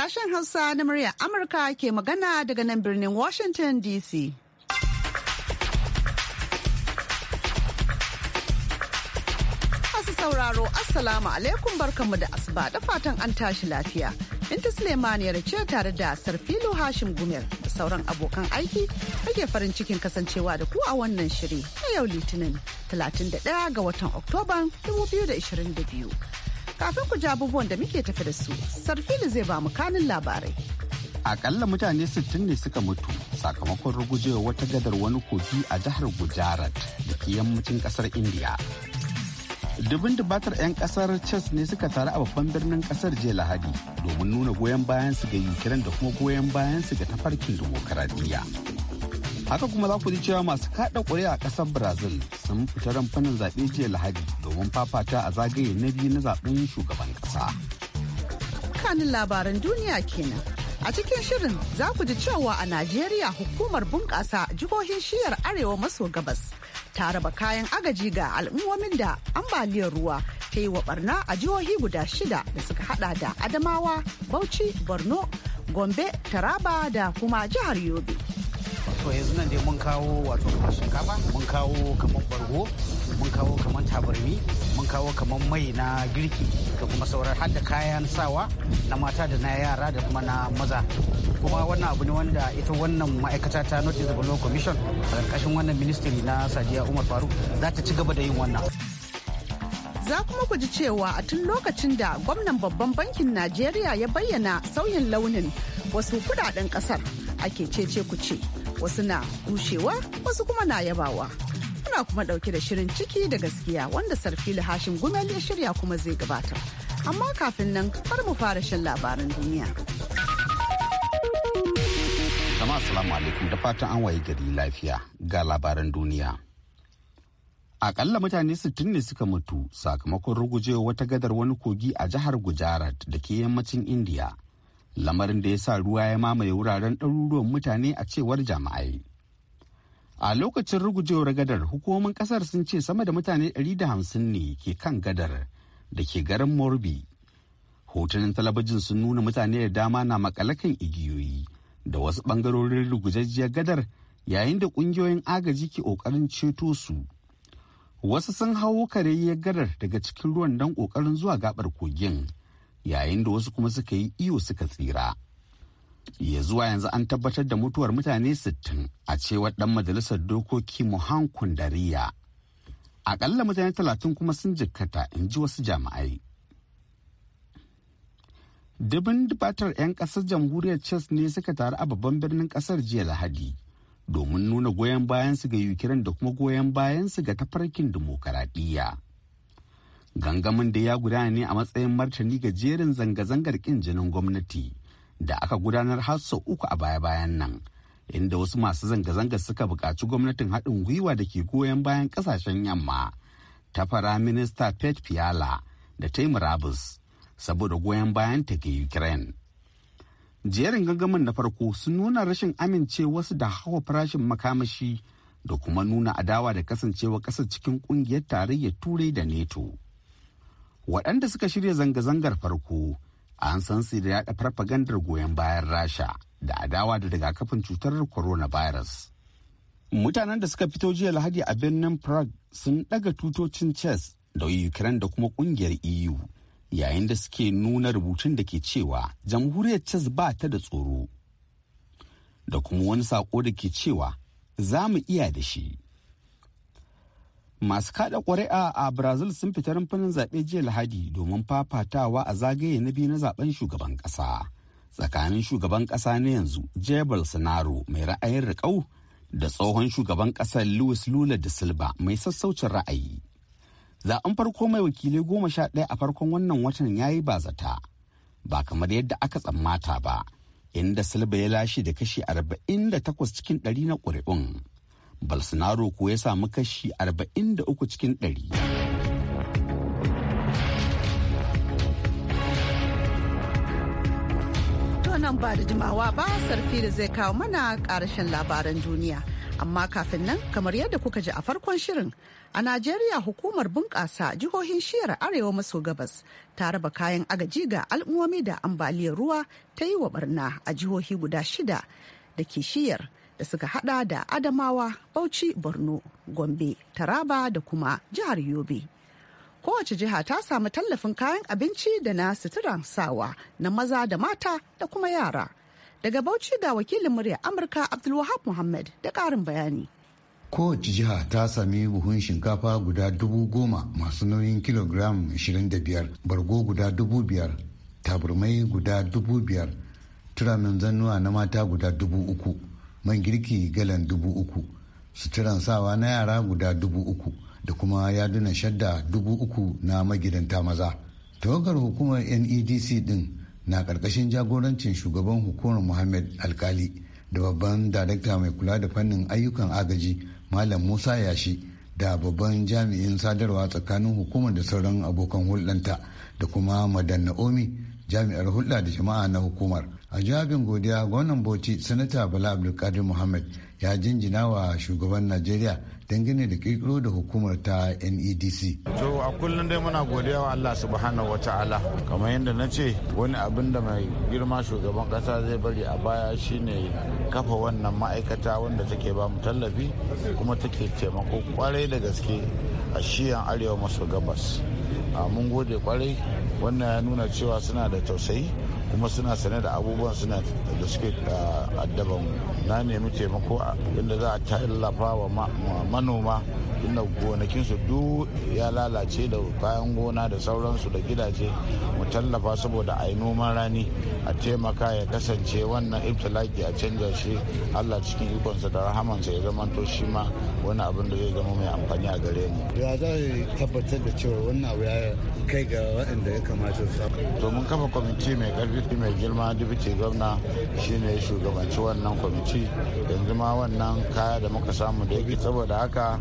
Sashen Hausa na murya Amurka ke magana daga nan birnin Washington DC. Masu sauraro, Assalamu alaikum barkanmu da asuba da fatan an tashi lafiya. Binta Suleimaniyar ce tare da Sarfilo Hashim Gumel da sauran abokan aiki kake farin cikin kasancewa da ku a wannan shiri na yau Litinin 31 ga watan oktoba 2022. Kafin ku ji abubuwan da muke tafi da su, Sarfili zai ba mu kanin labarai. Akalla mutane 60 ne suka mutu sakamakon rugujewa wata gadar wani kogi a jihar Gujarat da ke yammacin kasar India. Dubin dubatar 'yan kasar Chess ne suka taru a babban birnin kasar jiya Lahadi domin nuna goyon bayan su ga Ukraine da kuma goyon bayan su ga tafarkin dimokuraɗiyya. haka kuma za ku ji cewa masu kada ƙuri'a a ƙasar brazil sun fita fannin zaɓe jiya lahadi domin fafata a zagaye na biyu na zaɓen shugaban ƙasa kanin labaran duniya kenan a cikin shirin za ku ji cewa a najeriya hukumar bunƙasa jihohin shiyar arewa maso gabas ta raba kayan agaji ga al'ummomin da ambaliyar ruwa ta yi wa barna a jihohi guda shida da suka hada da adamawa bauchi borno gombe taraba da kuma jihar yobe to yanzu nan dai mun kawo wato kamar shinkafa mun kawo kamar bargo mun kawo kamar tabarmi mun kawo kamar mai na girki da kuma sauran har da kayan sawa na mata da na yara da kuma na maza kuma wannan abu ne wanda ita wannan ma'aikata ta notice the law commission a ƙarƙashin wannan ministry na sadiya umar faruk za ta ci gaba da yin wannan za kuma ku ji cewa a tun lokacin da gwamnan babban bankin najeriya ya bayyana sauyin launin wasu kudaden kasar ake cece ku ce wasu na kushewa wasu kuma na yabawa muna kuma ɗauke da shirin ciki da gaskiya wanda sarfili hashin gumel ya shirya kuma zai gabata amma kafin nan bar mu fara shan labaran duniya jama'a assalamu alaikum da fatan an waye gari lafiya ga labaran duniya akalla mutane 60 ne suka mutu sakamakon rugujewa wata gadar wani kogi a jihar gujarat da ke yammacin indiya lamarin da ya sa ruwa ya mamaye wuraren ɗaruruwan mutane a cewar jama'ai. A lokacin rugujewar gadar hukumomin kasar sun ce sama da mutane 150 ne ke kan gadar da ke garin Morbi. Hotunan talabijin sun nuna mutane da dama na makalakan igiyoyi da wasu bangarorin rugujajjiyar gadar yayin da ƙungiyoyin agaji ke ƙoƙarin ceto su. Wasu sun hawo karayyar gadar daga cikin ruwan don ƙoƙarin zuwa gaɓar kogin. yayin da wasu kuma suka yi iyo suka tsira ya zuwa yanzu an tabbatar da mutuwar mutane sittin. a cewar ɗan majalisar dokoki muhankun kundariya aƙalla mutane talatin kuma sun jikkata in ji wasu jami'ai dubin dubatar 'yan ƙasar jamhuriyar chess ne suka taru a babban birnin ƙasar jiya lahadi domin nuna goyon bayansu ga ukraine da kuma goyon bayansu ga tafarkin dimokuraɗiyya. gangamin da ya gudana ne a matsayin martani ga jerin zanga-zangar kin jinin gwamnati da aka gudanar har sau uku a baya-bayan nan inda wasu masu zanga-zangar suka buƙaci gwamnatin haɗin gwiwa da ke goyon bayan ƙasashen yamma ta fara minista pet fiala da taimu rabus saboda goyon bayan ta ga ukraine jerin gangamin na farko sun nuna rashin amincewarsu da hawa farashin makamashi da kuma nuna adawa da kasancewa ƙasar cikin ƙungiyar tarayyar turai da neto waɗanda suka shirya zanga-zangar farko an san su da yaɗa farfagandar goyon bayan rasha da adawa da rigakafin cutar coronavirus mutanen da suka fito jiya lahadi a birnin prague sun ɗaga tutocin chess da ukraine da kuma ƙungiyar eu yayin da suke nuna rubutun da ke cewa jamhuriyar chess ba ta da tsoro da kuma wani sako da ke cewa za mu iya da shi masu kada ƙuri'a a brazil sun fita rumfunan zaɓe jiya lahadi domin fafatawa a zagaye na biyu na zaben shugaban ƙasa tsakanin shugaban ƙasa na yanzu jair bolsonaro mai ra'ayin riƙau da tsohon shugaban ƙasar luis lula da silva mai sassaucin ra'ayi zaɓen farko mai wakilai goma sha ɗaya a farkon wannan watan ya yi zata ba kamar yadda aka tsammata ba inda silva ya lashe da kashi arba'in da takwas cikin ɗari na ƙuri'un Bolsonaro ko ya samu kashi 43 cikin 100. nan ba da jimawa ba sarfi da zai kawo mana ƙarashin labaran duniya. amma kafin nan kamar yadda kuka ji a farkon shirin a najeriya hukumar bunƙasa jihohin shiyar arewa maso gabas ta raba kayan agaji ga al'ummomi da ambaliyar ruwa ta yi wa barna a jihohi guda shida da ke shiyar da suka hada da Adamawa, Bauchi, Borno, Gombe, Taraba da kuma jihar Yobe. Kowace jiha ta samu tallafin kayan abinci da na suturan sawa na maza da mata da kuma yara. Daga Bauchi ga wakilin murya Amurka Abdulwahab Muhammad da karin bayani. kowace jiha ta sami buhun shinkafa guda dubu goma masu nauyin kilogram 25 bargo guda dubu biyar taburmai guda dubu biyar turamin zannuwa na mata guda dubu uku man girki galan dubu uku suturan sawa na yara guda dubu uku da kuma yadunan shadda dubu uku na magidanta maza tawagar hukumar nedc din na karkashin jagorancin shugaban hukumar muhammad alkali da babban darakta mai kula da fannin ayyukan agaji malam musa yashi da babban jami'in sadarwa tsakanin hukumar da sauran abokan hulɗanta da kuma madan naomi jami'ar hulɗa da jama'a na hukumar a jawabin godiya gwamnan bauchi sanata bala abdulkadir muhammad ya jinjina wa shugaban najeriya dangane da kirkiro da hukumar ta nedc to a kullum dai muna godiya wa allah subhanahu wa ta'ala kamar yadda na ce wani abin da mai girma shugaban kasa zai bari a baya shine kafa wannan ma'aikata wanda take ba mu tallafi kuma take taimako kwarai da gaske a shiyan arewa maso gabas mun gode kwarai wannan ya nuna cewa suna da tausayi kuma suna sane da abubuwan suna da suke ah, addaban na nemi taimako inda za a tallafa wa manoma inda su duk ya lalace da kayan gona da sauransu da gidaje mu tallafa saboda a yi noman rani a taimaka ya kasance wannan iftilaki a canja shi allah cikin ikonsa da rahamansa ya zama to shi ma wani abin da zai zama mai amfani a gare mu ya za tabbatar da cewa wannan abu ya kai ga waɗanda ya kamata su to mun kafa kwamiti mai karfi shi mai girma dubuce gwamna shine shugabanci wannan kwamiti yanzu ma wannan kaya da muka samu da yake saboda haka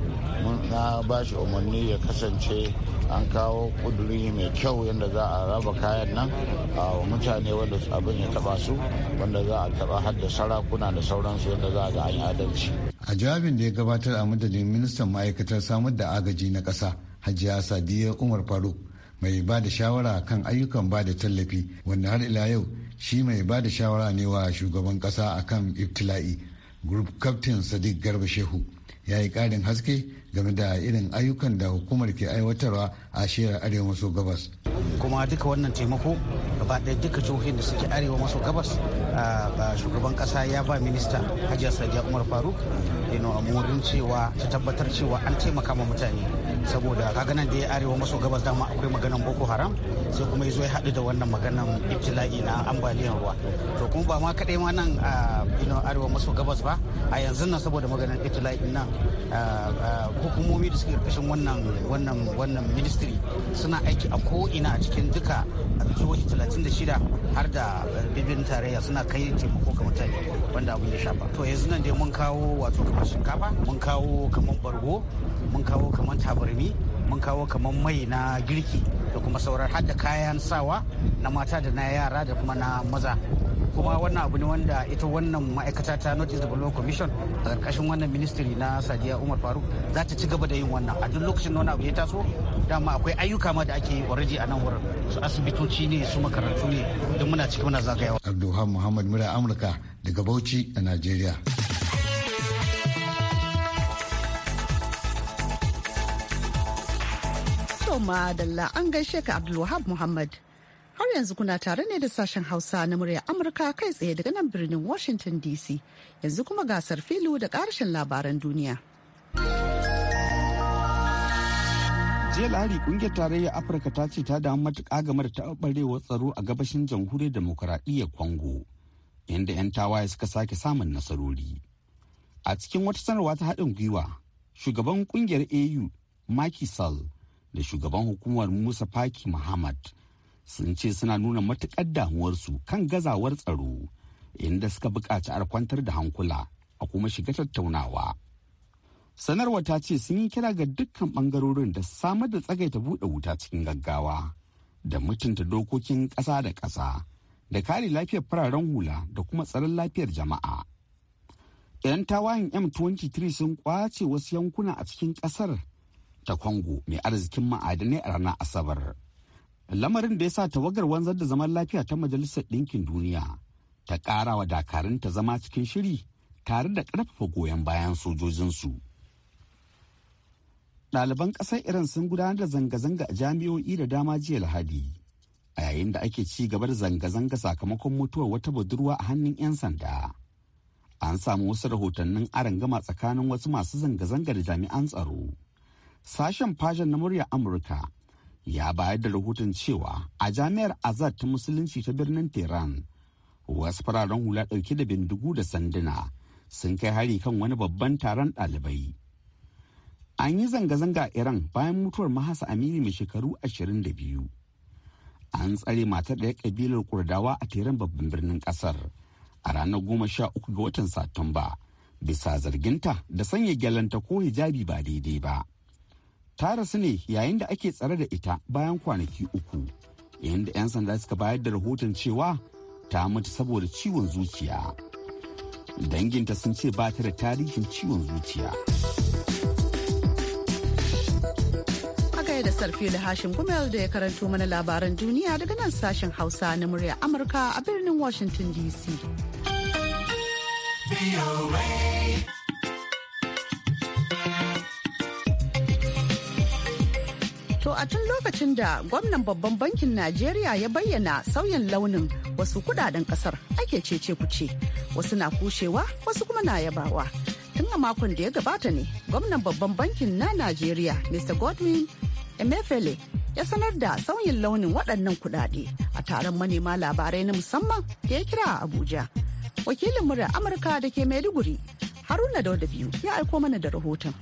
na ba shi umarni ya kasance an kawo kuduri mai kyau yadda za a raba kayan nan a mutane wanda abin ya taba su wanda za a taba har da sarakuna da sauransu yadda za a ga an yi adalci a jawabin da ya gabatar a madadin ministan ma'aikatar samar da agaji na ƙasa hajiya sadiya umar faruk mai ba da shawara kan ayyukan ba da tallafi wanda har ila yau shi mai ba da shawara ne wa shugaban kasa akan ibtila'i group captain sadiq garba shehu ya yi karin haske game da irin ayyukan da hukumar ke aiwatarwa a shirar arewa maso gabas kuma duka wannan taimako gaba ɗaya duka jihohin da suke arewa maso gabas shugaban kasa ya ba minista hajiya sadiya umar faruk yana amurin cewa ta tabbatar cewa an taimaka ma mutane saboda kaganan da ya arewa maso gabas dama akwai maganan boko haram sai kuma ya zo ya haɗu da wannan maganan ibtila'i na ambaliyan ruwa to kuma ba ma kaɗai ma nan a arewa maso gabas ba a yanzu nan saboda maganan ibtila'i nan hukumomi da suke karkashin wannan wannan wannan ministry suna aiki a ko'ina a cikin duka jihohi 36 har da eh, bibin tarayya suna kai taimako ga mutane wanda abin ya shafa to yanzu nan dai mun kawo wato kamar shinkafa mun kawo kamar bargo mun kawo kamar tabarmi mun kawo kamar mai na girki da kuma sauran hadda kayan sawa na mata da na yara da kuma na maza kuma wannan abu ne wanda ita wannan ma'aikata ta notice development commission a karkashin wannan ministry na sadiya umar faruk za ta ci gaba da yin wannan a duk lokacin da wani abu ya taso dama akwai ayyuka ma da ake already a nan wurin su asibitoci ne su makarantu ne don muna ciki muna zagayawa abdulhan muhammad mura amurka daga bauchi a najeriya Madalla an gaishe ka Abdulwahab Muhammad. har yanzu kuna tare ne da sashen hausa na murya amurka kai tsaye daga nan birnin washington dc yanzu kuma gasar filu da karshen labaran duniya jiya lahari kungiyar tarayyar afirka ta ce ta damu matuƙa game da taɓarɓarewar tsaro a gabashin jamhuriyar demokuraɗiyyar Kongo, inda 'yan tawaye suka sake samun nasarori a cikin wata sanarwa ta haɗin gwiwa shugaban kungiyar au Macky Sall da shugaban hukumar Musa Faki Muhammad sun ce suna nuna matuƙar damuwarsu kan gazawar tsaro inda suka buƙaci a kwantar da hankula a kuma shiga tattaunawa. Sanarwa ta ce sun yi kira ga dukkan bangarorin da samar da tsagaita buɗe wuta cikin gaggawa da mutunta dokokin ƙasa da ƙasa da kare lafiyar fararen hula da kuma tsaron lafiyar jama'a. 'Yan tawayen M23 sun kwace wasu yankuna a cikin ƙasar ta kongo mai arzikin ma'adanai a ranar Asabar. lamarin da ya sa tawagar wanzar da zaman lafiya ta majalisar ɗinkin duniya ta ƙara wa dakarun ta zama cikin shiri tare da ƙarfafa goyon bayan sojojinsu. Ɗaliban ƙasar Iran sun gudanar da zanga-zanga a jami'o'i da dama jiya Lahadi, a yayin da ake ci gaba da zanga-zanga sakamakon mutuwar wata budurwa a hannun 'yan sanda. An samu wasu rahotannin gama tsakanin wasu masu zanga-zanga da jami'an tsaro. Sashen fashin na murya Amurka ya bayar da rahoton cewa a jami'ar azad ta musulunci ta birnin tehran wasu fararen hula dauke da bindigu da sanduna sun kai hari kan wani babban taron ɗalibai an yi zanga-zanga a iran bayan mutuwar mahasa amini mai shekaru 22 an tsare matar ɗaya kabilar kurdawa a Tehran babban birnin ƙasar a ranar goma sha uku ga watan satumba bisa zarginta da sanya gyalanta ko hijabi ba daidai ba. ta rasu ne yayin da ake tsare da ita bayan kwanaki uku inda 'yan sanda suka bayar da rahoton cewa ta mutu saboda ciwon zuciya danginta sun ce ba ta da tarihin ciwon zuciya da sarfi da hashim gumel da ya karanto mana labaran duniya daga nan sashen hausa na murya amurka a birnin washington dc To a tun lokacin da gwamnan babban bankin Najeriya ya bayyana sauyin launin wasu kudaden kasar ake cece kuce wasu na kushewa wasu kuma na yabawa. Tun a makon da ya gabata ne gwamnan babban bankin na Najeriya Mr. Godwin emefele ya sanar da sauyin launin waɗannan kudade a taron manema labarai na musamman da ya kira a Abuja. Wakilin murar Amurka da ke Maiduguri Haruna Dauda biyu ya aiko mana da rahoton.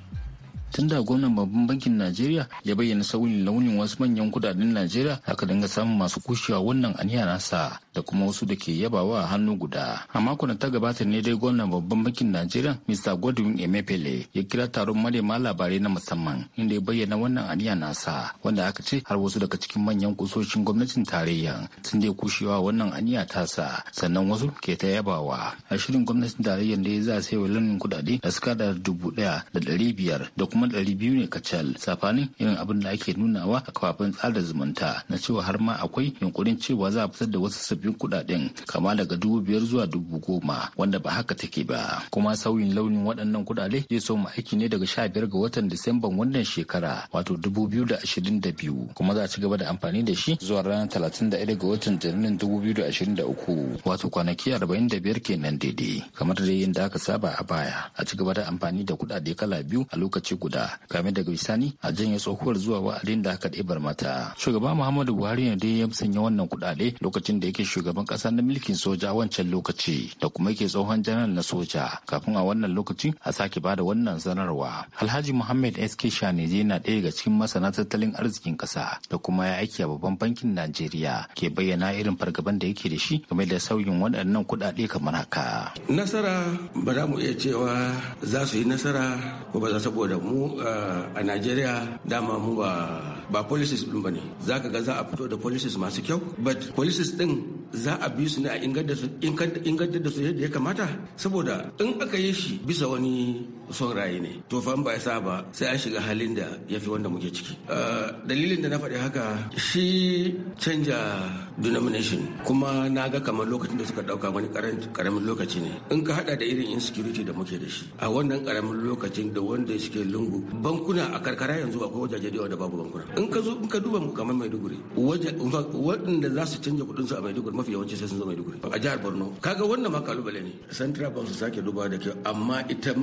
Tun da gwamnan babban bankin najeriya ya bayyana sauyin launin wasu manyan kudaden najeriya aka dinga samun masu kushewa wannan aniya nasa da kuma wasu da ke yabawa hannu guda a makon ta gabata ne dai gwamnan babban bankin najeriya mr godwin emefele ya kira taron manema labarai na musamman inda ya bayyana wannan aniya nasa wanda aka ce har wasu daga cikin manyan kusoshin gwamnatin tarayya sun dai kushewa wannan aniya tasa sannan wasu ke ta yabawa a shirin gwamnatin tarayya da ya za a sai wa launin kudade da suka da dubu daya da dari biyar da kuma ɗari biyu ne kacal safanin irin abin da ake nunawa a kafafen tsada zumunta na cewa har ma akwai yunkurin cewa za a fitar da wasu sabbin kuɗaɗen kama daga dubu biyar zuwa dubu goma wanda ba haka take ba kuma sauyin launin waɗannan kuɗaɗe zai so mu aiki ne daga sha biyar ga watan disamban wannan shekara wato dubu biyu da ashirin da biyu kuma za a ci gaba da amfani da shi zuwa ranar talatin da ɗaya ga watan janairun dubu biyu da ashirin da uku wato kwanaki arba'in da biyar kenan daidai kamar yin da aka saba a baya a ci gaba da amfani da kuɗaɗe kala biyu a lokaci guda game daga bisani a janye tsohuwar zuwa wa'adin da aka ɗebar mata shugaba muhammadu buhari ne dai ya sanya wannan kuɗaɗe lokacin da yake shugaban ƙasa na mulkin soja wancan lokaci da kuma yake tsohon janar na soja kafin a wannan lokacin a sake bada wannan sanarwa alhaji muhammad sk shaneje na ɗaya daga cikin masana tattalin arzikin ƙasa da kuma ya aiki a babban bankin najeriya ke bayyana irin fargaban da yake da shi game da sauyin waɗannan kuɗaɗe kamar haka nasara ba za mu iya cewa za su yi nasara ko ba za saboda mu mu eh, a Najeriya dama mu ba ba policies din ba ne za ga za a fito da policies masu kyau but policies din za a bi su ne a ingantar da su yadda ya kamata saboda in aka yi shi bisa wani son raye ne to fa ba ya ba sai an shiga halin da ya fi wanda muke ciki eh, dalilin da na faɗi haka shi canja denomination kuma na ga kamar lokacin da suka dauka wani karamin lokaci ne in ka hada da irin insecurity da muke da shi a wannan karamin lokacin da wanda suke lungu bankuna a karkara yanzu akwai wajaje da yawa da babu bankuna in ka zo in ka duba mu kamar Maiduguri waɗanda za su canja kuɗinsu a Maiduguri mafi yawanci sai sun zo Maiduguri a jihar Borno kaga wannan ma kalubale ne Central Bank su sake duba da kyau amma ita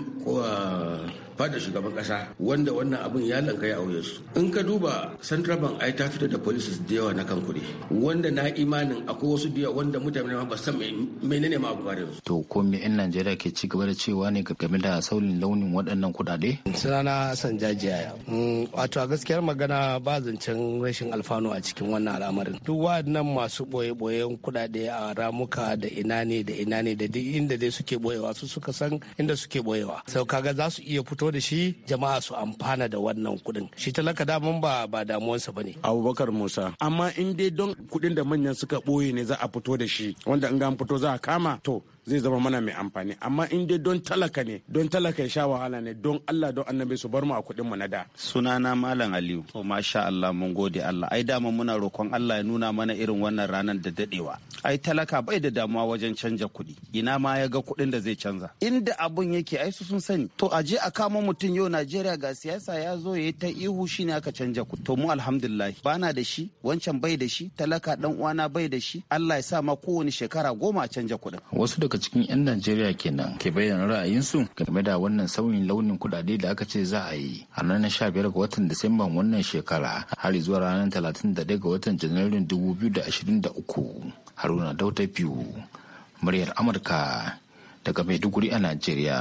fadar shugaban kasa wanda wannan abun ya lankaya a su in ka duba Central Bank ai ta fitar da policies da yawa na kan kuɗi wanda na na imanin akwai wasu biya wanda mutane ba san menene ma abu ba su to ko me yan Najeriya ke ci gaba da cewa ne game da saulin launin waɗannan kuɗaɗe sunana Hassan Jajiya mm, wato a gaskiyar magana ba zancen rashin alfano a cikin wannan al'amarin duk waɗannan masu boye-boyen kuɗaɗe a ramuka da ina ne da ina ne da duk inda dai suke boyewa su suka san inda suke boyewa sau kaga za su iya fito da shi jama'a su amfana da wannan kuɗin shi talaka daman ba ba damuwansa bane Abubakar Musa amma in dai don kuɗin da manyan suka ɓoye ne za a fito da shi wanda in ga fito za a kama to zai zama mana mai amfani amma in dai don talaka ne don talaka ya sha wahala ne don Allah don annabi su bar mu a kuɗin mu na da sunana malam Aliyu to masha Allah mun gode Allah ai dama muna roƙon Allah ya nuna mana irin wannan ranar da dadewa ai talaka bai da damuwa wajen canja kuɗi ina ma ya ga kuɗin da zai canza inda abun yake ai su sun sani to a je a kama mutum yau Najeriya ga siyasa ya zo ya yi ta ihu shine aka canja kuɗi to mu alhamdulillah bana da shi wancan bai da shi talaka dan uwana bai da shi Allah ya sa ma kowane shekara goma a canja kuɗin wasu daga daga cikin 'yan Najeriya kenan ke bayyana ra'ayinsu game da wannan sauyin launin kudade da aka ce za a yi a ranar 15 ga watan Disamban wannan shekara har zuwa ranar 31 ga watan Janairun 2023. Haruna Dauta biyu muryar Amurka daga Maiduguri a Najeriya.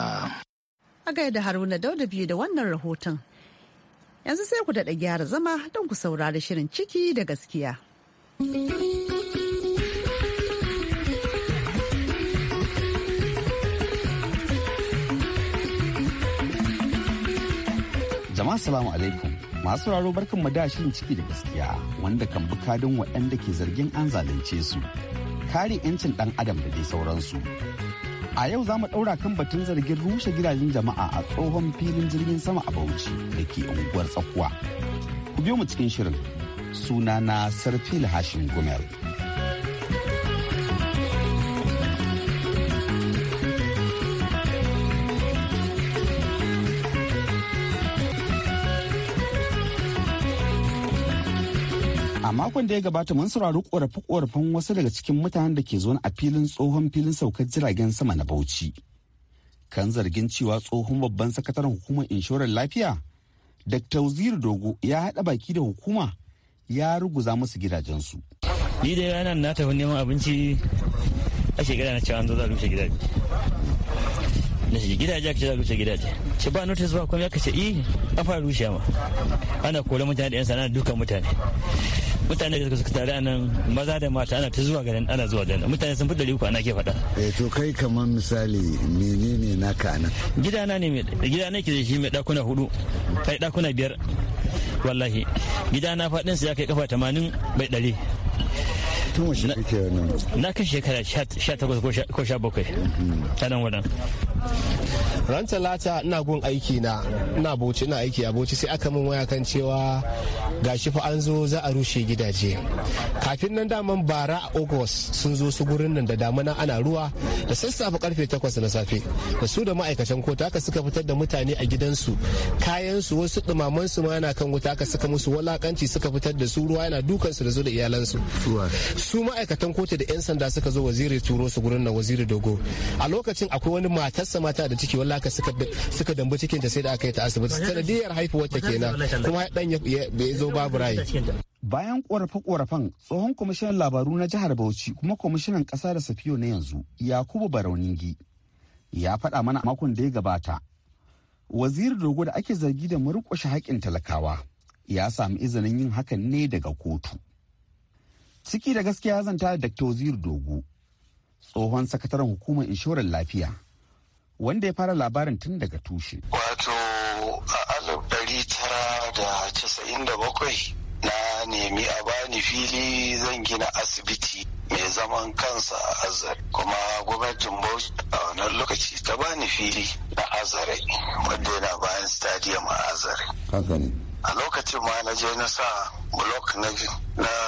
A gaida Haruna Dauda biyu da wannan rahoton. Yanzu sai ku daɗa gyara zama don ku saurari shirin ciki da gaskiya. jama'a salamu alaikum masu raro barkan mu da shirin ciki da gaskiya wanda kan bi kadin waɗanda ke zargin an zalunce su kare 'yancin ɗan adam da dai sauransu a yau za mu ɗaura kan batun zargin rushe gidajen jama'a a tsohon filin jirgin sama a bauchi da ke unguwar tsakuwa ku biyo mu cikin shirin sunana sarfil hashin gumel. makon da ya gabata mun saurari korafe-korafen wasu daga cikin mutanen da ke zuwa a filin tsohon filin saukar jiragen sama na bauchi kan zargin cewa tsohon babban sakataren hukumar inshorar lafiya dr uziru dogo ya haɗa baki da hukuma ya ruguza musu gidajensu ni da yana na tafi neman abinci a shekara na cewa an zo za a rushe gidaje na shi gidaje ake za a rushe gidaje ce ba notice ba kuma ya kace i eh, an fara rushe ma ana kore mutane da yan sana'a dukkan mutane mutane da suka tare anan maza da mata ana ta zuwa garin ana zuwa garin mutane sun fi ɗari uku ana ke faɗa. eh to kai kamar misali menene naka anan. gidana ne gida ne ke da shi mai ɗakuna hudu kai ɗakuna biyar wallahi gidana su ya kai kafa tamanin bai ɗari. tun washe kake wannan na kan shekara 18 ko 17 mhm. a nan wadan ran talata ina gun aiki na ina bauchi ina aiki a bauchi sai aka min waya kan cewa gashi fa an zo za a rushe gidaje kafin nan daman bara a august sun zo su gurin nan da damana ana ruwa da sassafe karfe 8 na safe da su da ma'aikatan kota aka suka fitar da mutane a gidansu kayansu wasu dumaman su ma yana kan wuta aka suka musu walakanci suka fitar da su ruwa yana dukansu da zo da iyalansu su ma'aikatan kota da yan sanda suka zo waziri turo su gurin nan waziri dogo a lokacin akwai wani matas kissa mata da ciki wallaka suka suka dambu cikin ta sai da aka yi ta asibiti sanadiyar haifuwar ta kenan kuma dan ya zo babu rai bayan korafe-korafen tsohon kwamishinan labaru na jihar bauchi kuma kwamishinan ƙasa da safiyo na yanzu yakubu barauningi ya faɗa mana a makon da ya gabata wazir dogo da ake zargi da murƙushe haƙƙin talakawa ya samu izinin yin hakan ne daga kotu ciki da gaskiya zanta da dr wazir dogo tsohon sakataren hukumar inshorar lafiya wanda ya fara labarin tun daga tushe. Wato a alif ɗari tara da casa'in da bakwai na nemi a bani fili zan gina asibiti mai zaman kansa a Azare kuma gwamnatin Bauchi a wannan lokaci ta bani fili na Azare wanda yana bayan stadium a Azare. A lokacin ma na je na sa blok na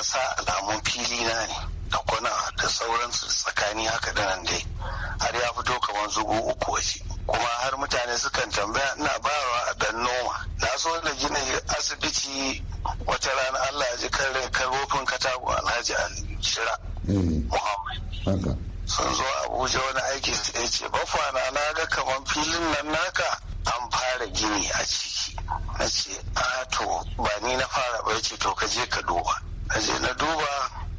sa alamun fili na ne da kwana da sauransu tsakani haka da nan dai. har ya fito kamar zugu uku waje kuma har mutane sukan tambaya ina bawa dan noma na so na gina asibiti wata rana Allah ya ji karre karofin katako Alhaji Ali Shira mm. sun zo Abuja wani aiki sai ce bafana na ga kamar filin nan naka an fara gini a ciki na ce a to ba ni na fara ba ce to ka je ka duba na je na duba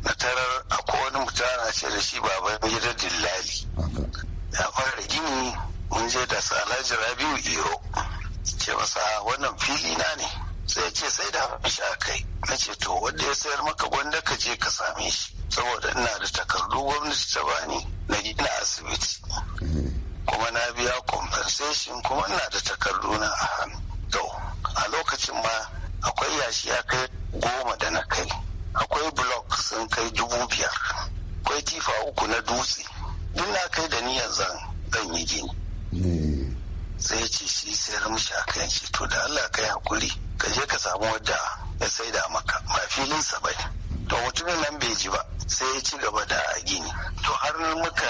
na tarar akwai wani mutum ana ce da shi baban gida dillali ya fara gini mun je da su rabiu iro ce masa wannan fili na ne sai ce sai da shi a kai na ce to wanda ya sayar maka gwanda ka je ka same shi saboda ina da takardu gwamnati ta bani na gina asibiti kuma na biya compensation kuma ina da takardu na a hannu to a lokacin ma akwai yashi ya kai goma da na kai akwai block sun kai dubu biyar akwai tifa uku na dutse ina kai da niyyar zan zan yi gini sai ce shi sayar mishi a kan shi to da Allah kai hakuri ka je ka samu wadda ya saida maka ba filin sa bai to mutumin nan bai ji ba sai ya ci gaba da gini to har muka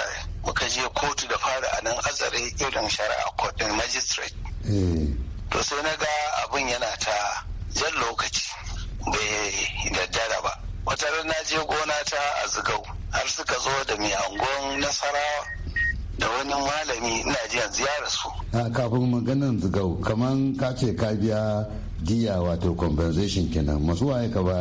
muka je kotu da fara a nan azare irin shari'a kotun magistrate to sai na ga abin yana ta jan lokaci bai daddara ba wata na je gona ta a zigau har suka zo da mai angon nasara da wani malami ina ji yanzu ya rasu. a kafin maganin zigau kaman ka ce ka biya diya wato compensation kenan masu waye ka ba.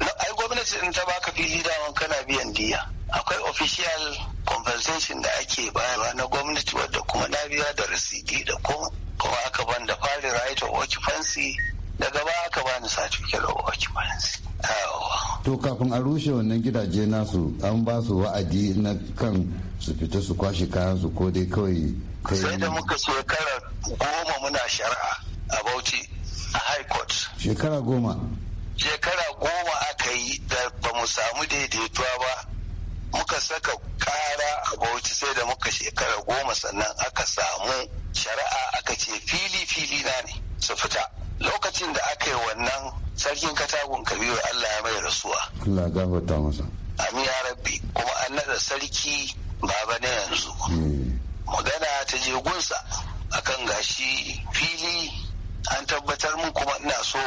ai gwamnati in ta baka fili daman kana biyan diya akwai official compensation da ake bayarwa na gwamnati wadda kuma na biya da rasidi da kuma aka ban da fari right of occupancy daga ba aka bani certificate of occupancy. to kafin a rushe wannan gidaje nasu an ba su wa'adi na kan su fita su kwashe kayan su ko dai kawai sai da muka shekara goma muna shari'a a bauchi a high court shekara goma shekara goma aka yi da ba mu samu daidaituwa ba muka saka kara a bauchi sai da muka shekara goma sannan aka samu shari'a aka ce fili fili na ne su fita lokacin da aka yi wannan sarkin katagun kabiru Allah ya mai rasuwa Allah gafarta masa amin ya rabbi kuma an nada sarki baba na yanzu eh. magana ta je gunsa akan gashi fili an tabbatar mun kuma ina so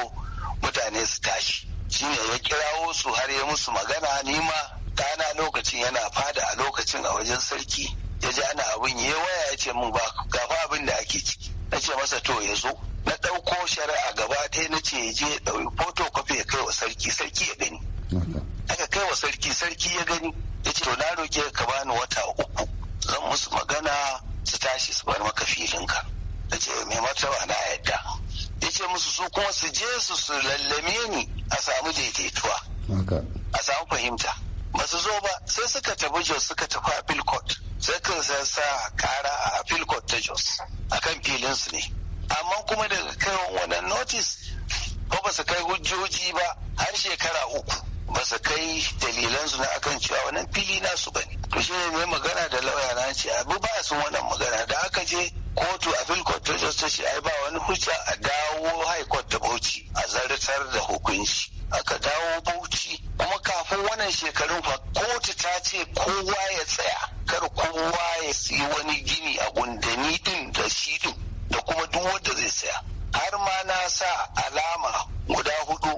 mutane su tashi shine ya kirawo su har ya musu magana nima ɗana lokacin yana fada a lokacin a wajen sarki ya ji ana abin yi. waya ya ce mun ba gafa abin da ake ciki na ce masa to ya zo na ɗauko shari'a gaba ɗaya na ce je ɗauki kafe ya kai wa sarki sarki ya gani aka kai wa sarki sarki ya gani ya ce na roƙe ka bani wata uku zan musu magana su tashi su bar maka filinka na ce mai martaba na yadda ya ce musu su kuma su je su su lallame ni a samu daidaituwa a samu fahimta ba su zo ba sai suka tafi jos suka tafi a filkot sai kan sa kara a filkot ta jos akan filinsu ne amma kuma daga kai wannan notice ba ba su kai hujjoji ba har shekara uku ba su kai dalilansu na akan cewa wannan fili nasu ne. to shi ne mai magana da lauya na ce abu ba su wannan magana da aka je kotu a court ta ta ce ai ba wani hujja a dawo high court da bauchi a zartar da hukunci aka dawo bauchi kuma kafin wannan shekarun fa kotu ta ce kowa ya tsaya kar kowa ya siyi wani gini a gundani din da shi din da kuma duk wanda zai saya har ma na sa alama guda hudu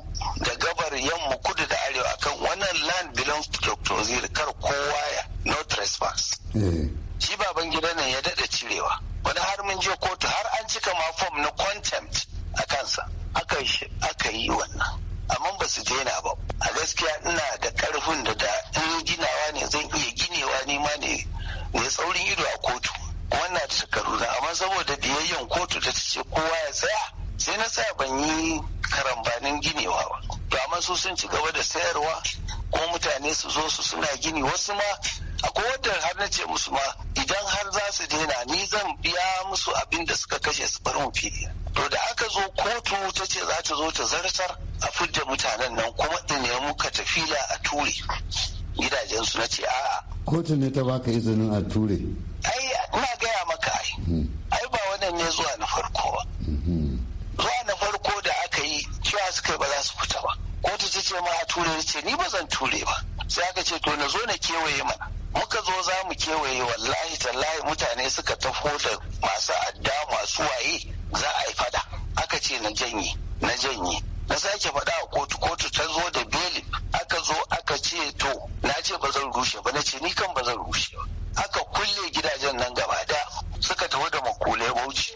da gabar yamma kudu da arewa akan wannan land belongs to dr kar kowa ya no trespass eh. shi baban gidan nan ya dada cirewa wani har mun je kotu har an cika ma form na contempt a kansa aka yi wannan amma ba su daina ba a gaskiya ina amma saboda biyayyen kotu da ta ce kowa ya tsaya sai na tsaya ban yi karambanin ginewa ba to amma su sun ci gaba da sayarwa ko mutane su zo su suna gini wasu ma akwai wadda har na ce musu ma idan har za su daina ni zan biya musu abin da suka kashe su bar mu fili to da aka zo kotu ta ce za ta zo ta zartar a fidda mutanen nan kuma in katafila a ture gidajensu na ce a'a kotun ne ta baka izinin a ture ai ina gaya maka ne zuwa na farko ba zuwa na farko da aka yi cewa suka ba za su fita ba kotu ta ce ma a ture ce ni ba zan ture ba sai aka ce to na zo na kewaye mana muka zo za mu kewaye wallahi tallahi mutane suka tafo da masu adda masu waye za a yi fada aka ce na janye na janye na sake faɗa a kotu kotu ta zo da belin aka zo aka ce to na ce ba zan rushe ba na ce ni kan ba zan rushe ba aka kulle gidajen nan gaba daya suka tafi da makulai bauchi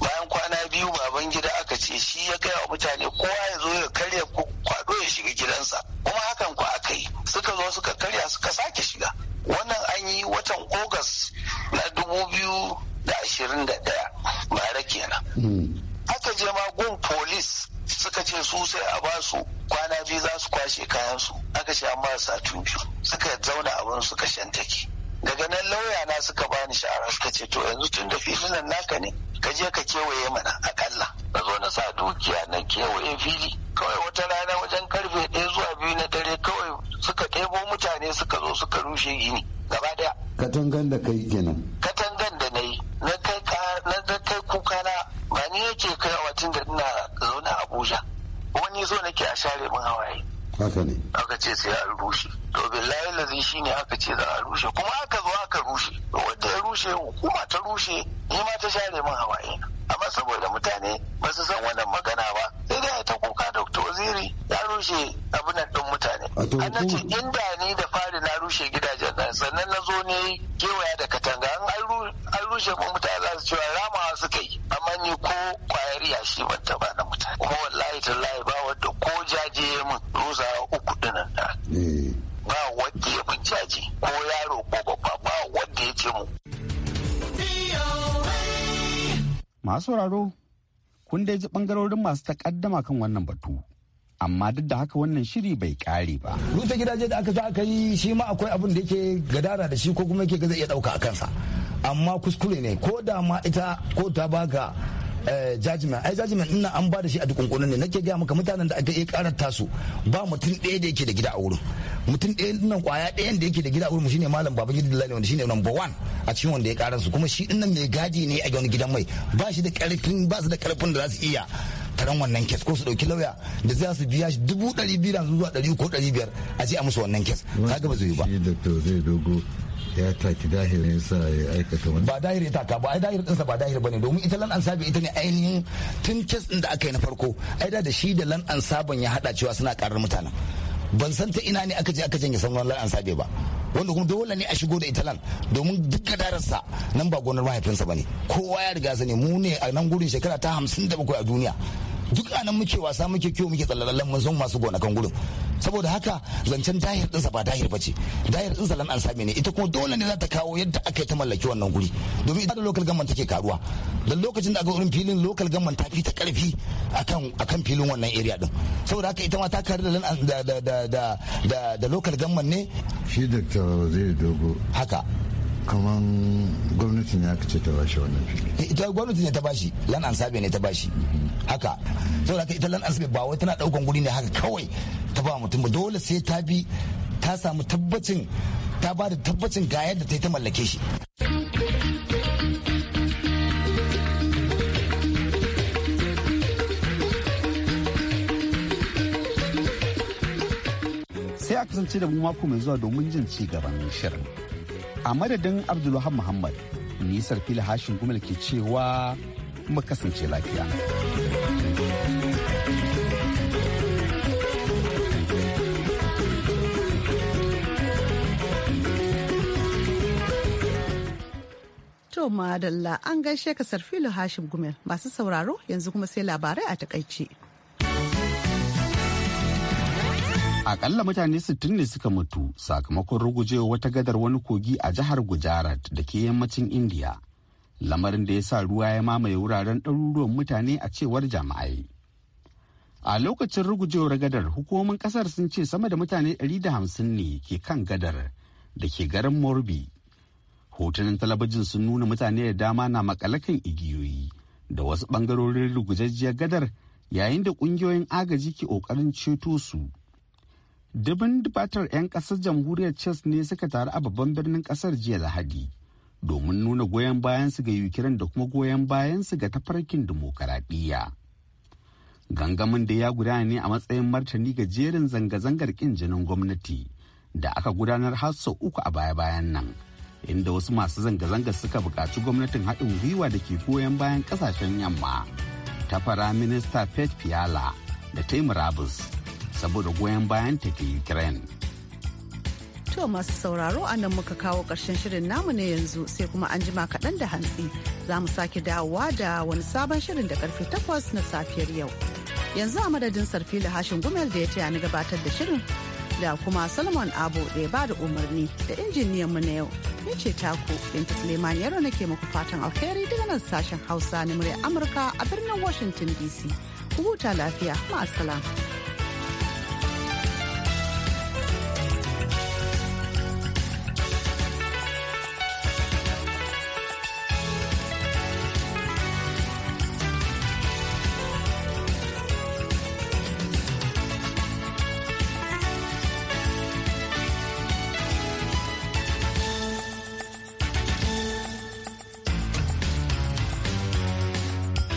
bayan kwana biyu baban gida aka ce shi ya kai wa mutane kowa ya zo ya karya kwado ya shiga gidansa kuma hakan ku aka yi suka zo suka karya suka sake shiga wannan an yi watan ogas na dubu biyu da ashirin da ɗaya bara kenan aka je ma gun polis suka ce su sai a basu kwana biyu za su kwashe kayansu aka ce an ba su biyu suka zauna abin suka take. daga nan lauya na suka bani shara suka ce to yanzu tun da filin naka ne ka je ka kewaye mana akalla Ka zo na sa dukiya na kewaye fili kawai wata rana wajen karfe ɗaya zuwa biyu na dare kawai suka ɗebo mutane suka zo suka rushe gini gaba ɗaya. katangan da kai kenan katangan da na yi na kai kuka na ba ni yake kai a watan da ina zaune abuja wani zo nake a share min hawaye haka ne aka ce sai an rushe to billahi lazi shine aka ce za a rushe kuma aka zo aka rushe wanda ya rushe hukuma ta rushe ni ma ta share min hawaye amma saboda mutane ba su san wannan magana ba sai dai ta kuka Da waziri ya rushe abunan din mutane an ce inda ni da fari na rushe gidajen nan sannan na zo ne kewaya da katanga an rushe mun mutane za su cewa ramawa suka sauraro kun dai ji bangarorin masu takaddama kan wannan batu amma duk da haka wannan shiri bai kare ba. Rufe gidaje da aka za aka yi shi ma akwai abin da yake gadara da shi ko kuma yake zai iya dauka a kansa. Amma kuskure ne ko da ma ita ko ta baka Eh, judgment ai judgment ina an ba da shi a kunkunan ne nake gaya maka mutanen da aka yi karar tasu ba mutum ɗaya da yake da gida a wurin mutum ɗaya nan kwaya ɗaya da yake da gida a wurin shine malam gidan lalle wanda shine number one a cikin wanda ya karar su kuma shi nan mai gadi ne a wani gidan mai ba shi da karfin ba su da karfin da za su iya taron wannan kes ko su dauki lauya da za su biya shi dubu ɗari biyu zuwa ɗari ko ɗari biyar a ce a musu wannan kes kaga ba zai yi ba. ya taki dahir ne sa ya aikata wani ba dahir ya taka ba ai dahir dinsa ba dahir bane domin ita lan ansabi ita ne ainihin tun kes ɗin da aka yi na farko ai da shi da lan ansaban ya hada cewa suna karar mutanen ban san ta ina ne aka je aka janye sauran lan ansabe ba wanda kuma dole ne a shigo da ita domin duk darasa nan ba gonar mahaifinsa ba ne kowa ya riga sani mu ne a nan gurin shekara ta hamsin da bakwai a duniya duk anan muke wasa muke kiwo muke tsallalallen mun san masu gonakan gurin saboda haka zancen dahir ɗinsa ba dahir ba ce dahir ɗinsa lan an same ne ita kuma dole ne za ta kawo yadda aka yi ta mallaki wannan guri domin ita da lokal gamman take karuwa da lokacin da aka wurin filin lokal gamman ta fi ta karfi akan kan filin wannan area din saboda haka ita ma ta karu da da da da da ne shi dr zai dogo haka kaman gwamnati ne aka ce ta bashi wannan fili eh, ita gwamnati ne ta bashi lan ansabe ne ta bashi haka saboda haka ita lan sabe ba wai tana daukan guri ne haka kawai ta ba mutum ba dole sai ta bi ta samu tabbacin ta ba da tabbacin ga yadda ta yi ta mallake shi sai a kasance da mu mako mai zuwa domin jin ci gaban shirin a madadin abdulluhan muhammad nisar fili hashin gumal ke cewa kuma kasance lafiya To madalla an gaishe ka sarfilo Hashim Gumel masu sauraro yanzu kuma sai labarai a takaice. Akalla mutane sittin ne suka mutu sakamakon rugujewa wata gadar wani kogi a jihar Gujarat da ke yammacin Indiya. Lamarin da ya sa ruwa ya mamaye wuraren ɗaruruwan mutane a cewar jama'ai. A lokacin rugujewar gadar hukumomin kasar sun ce sama da mutane 150 ne ke kan gadar da ke garin Morbi. Hotunan talabijin sun nuna mutane da dama na makalakan igiyoyi da wasu ɓangarorin rugujajjiyar gadar yayin da ƙungiyoyin agaji ke ƙoƙarin ceto su. dubin dubatar 'yan kasar jamhuriyar chess ne suka taru a babban birnin kasar jiya lahadi domin nuna goyon bayan su ga ukraine da kuma goyon bayansu ga tafarkin dimokuraɗiyya gangamin da ya gudana ne a matsayin martani ga jerin zanga-zangar kin jinin gwamnati da aka gudanar har sau uku a baya-bayan nan inda wasu masu zanga-zanga suka buƙaci gwamnatin haɗin gwiwa da ke goyon bayan ƙasashen yamma ta fara minista pet fiala da taimurabus saboda goyon bayan ta ke Ukraine. To masu sauraro a nan muka kawo ƙarshen shirin namu ne yanzu sai kuma an jima kaɗan da hantsi za mu sake dawowa da wani sabon shirin da karfe takwas na safiyar yau. Yanzu a madadin sarfila hashin gumel da ya taya ni gabatar da shirin da kuma Solomon Abu da ya bada umarni da injiniyan mu na yau. Ni ce taku Binta Suleiman Yaro nake muku fatan alheri daga nan sashen Hausa na murya Amurka a birnin Washington DC. Ku huta lafiya, ma'asalam.